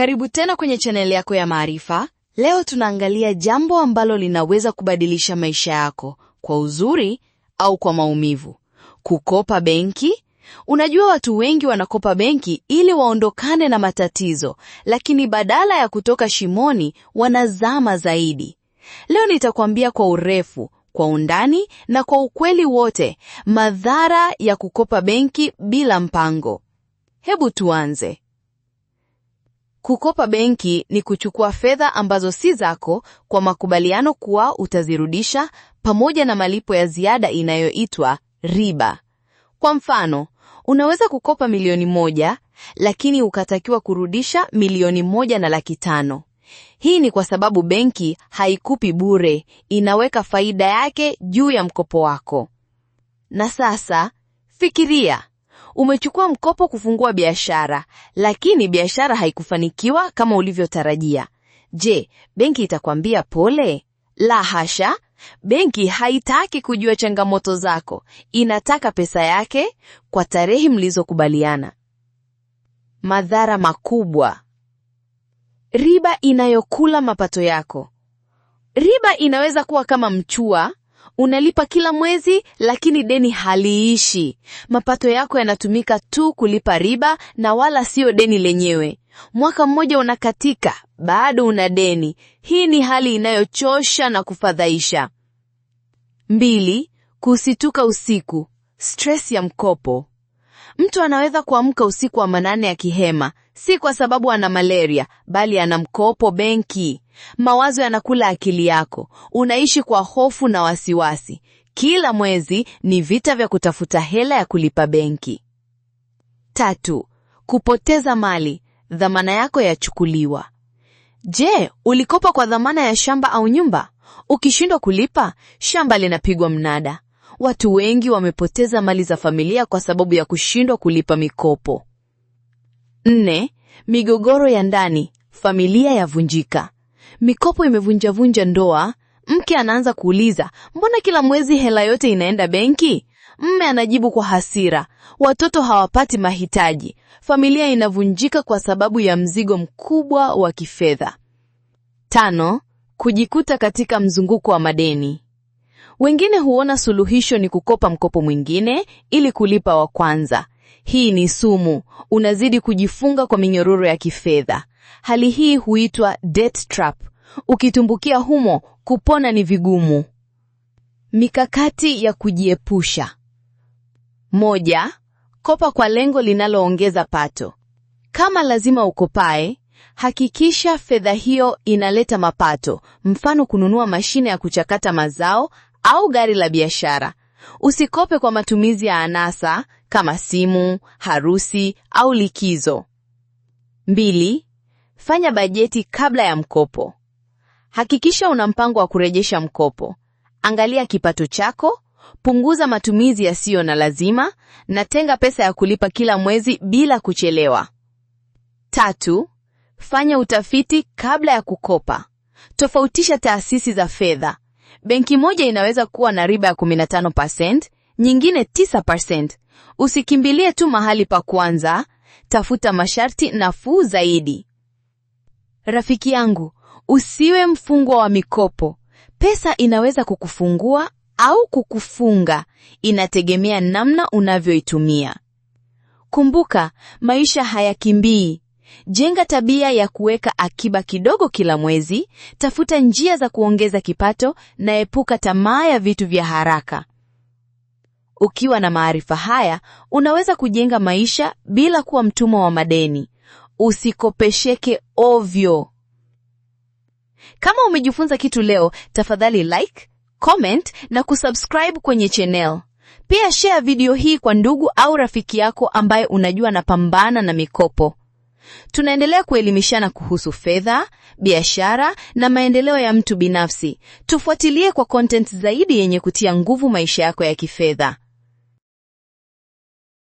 Karibu tena kwenye chaneli yako ya maarifa. Leo tunaangalia jambo ambalo linaweza kubadilisha maisha yako kwa uzuri au kwa maumivu: kukopa benki. Unajua, watu wengi wanakopa benki ili waondokane na matatizo, lakini badala ya kutoka shimoni wanazama zaidi. Leo nitakwambia kwa urefu, kwa undani na kwa ukweli wote, madhara ya kukopa benki bila mpango. Hebu tuanze. Kukopa benki ni kuchukua fedha ambazo si zako kwa makubaliano kuwa utazirudisha pamoja na malipo ya ziada inayoitwa riba. Kwa mfano, unaweza kukopa milioni moja lakini ukatakiwa kurudisha milioni moja na laki tano. Hii ni kwa sababu benki haikupi bure, inaweka faida yake juu ya mkopo wako. Na sasa fikiria umechukua mkopo kufungua biashara, lakini biashara haikufanikiwa kama ulivyotarajia. Je, benki itakwambia pole? La hasha. Benki haitaki kujua changamoto zako, inataka pesa yake kwa tarehe mlizokubaliana. Madhara makubwa: riba inayokula mapato yako. Riba inaweza kuwa kama mchua Unalipa kila mwezi, lakini deni haliishi. Mapato yako yanatumika tu kulipa riba na wala siyo deni lenyewe. Mwaka mmoja unakatika, bado una deni. Hii ni hali inayochosha na kufadhaisha. Mbili, kusituka usiku, stress ya mkopo. Mtu anaweza kuamka usiku wa manane akihema, si kwa sababu ana malaria, bali ana mkopo benki. Mawazo yanakula akili yako, unaishi kwa hofu na wasiwasi. Kila mwezi ni vita vya kutafuta hela ya kulipa benki. Tatu, kupoteza mali, dhamana yako yachukuliwa. Je, ulikopa kwa dhamana ya shamba au nyumba? Ukishindwa kulipa, shamba linapigwa mnada. Watu wengi wamepoteza mali za familia kwa sababu ya kushindwa kulipa mikopo. Nne, migogoro ya ndani, familia yavunjika mikopo imevunjavunja ndoa. Mke anaanza kuuliza, mbona kila mwezi hela yote inaenda benki? Mme anajibu kwa hasira, watoto hawapati mahitaji. Familia inavunjika kwa sababu ya mzigo mkubwa wa kifedha. Tano, kujikuta katika mzunguko wa madeni. Wengine huona suluhisho ni kukopa mkopo mwingine ili kulipa wa kwanza. Hii ni sumu, unazidi kujifunga kwa minyororo ya kifedha. Hali hii huitwa debt trap. Ukitumbukia humo, kupona ni vigumu. Mikakati ya kujiepusha: moja, kopa kwa lengo linaloongeza pato. Kama lazima ukopae, hakikisha fedha hiyo inaleta mapato, mfano kununua mashine ya kuchakata mazao au gari la biashara. Usikope kwa matumizi ya anasa, kama simu, harusi au likizo. Mbili, fanya bajeti kabla ya mkopo. Hakikisha una mpango wa kurejesha mkopo. Angalia kipato chako, punguza matumizi yasiyo na lazima na tenga pesa ya kulipa kila mwezi bila kuchelewa. Tatu, fanya utafiti kabla ya kukopa. Tofautisha taasisi za fedha. Benki moja inaweza kuwa na riba ya 15%, nyingine 9%. Usikimbilie tu mahali pa kwanza, tafuta masharti nafuu zaidi. Rafiki yangu, usiwe mfungwa wa mikopo. Pesa inaweza kukufungua au kukufunga, inategemea namna unavyoitumia. Kumbuka, maisha hayakimbii. Jenga tabia ya kuweka akiba kidogo kila mwezi, tafuta njia za kuongeza kipato na epuka tamaa ya vitu vya haraka. Ukiwa na maarifa haya, unaweza kujenga maisha bila kuwa mtumwa wa madeni. Usikopesheke ovyo. Kama umejifunza kitu leo, tafadhali like, comment na kusubscribe kwenye channel. Pia share video hii kwa ndugu au rafiki yako ambaye unajua anapambana na mikopo. Tunaendelea kuelimishana kuhusu fedha, biashara na maendeleo ya mtu binafsi. Tufuatilie kwa content zaidi yenye kutia nguvu maisha yako ya kifedha.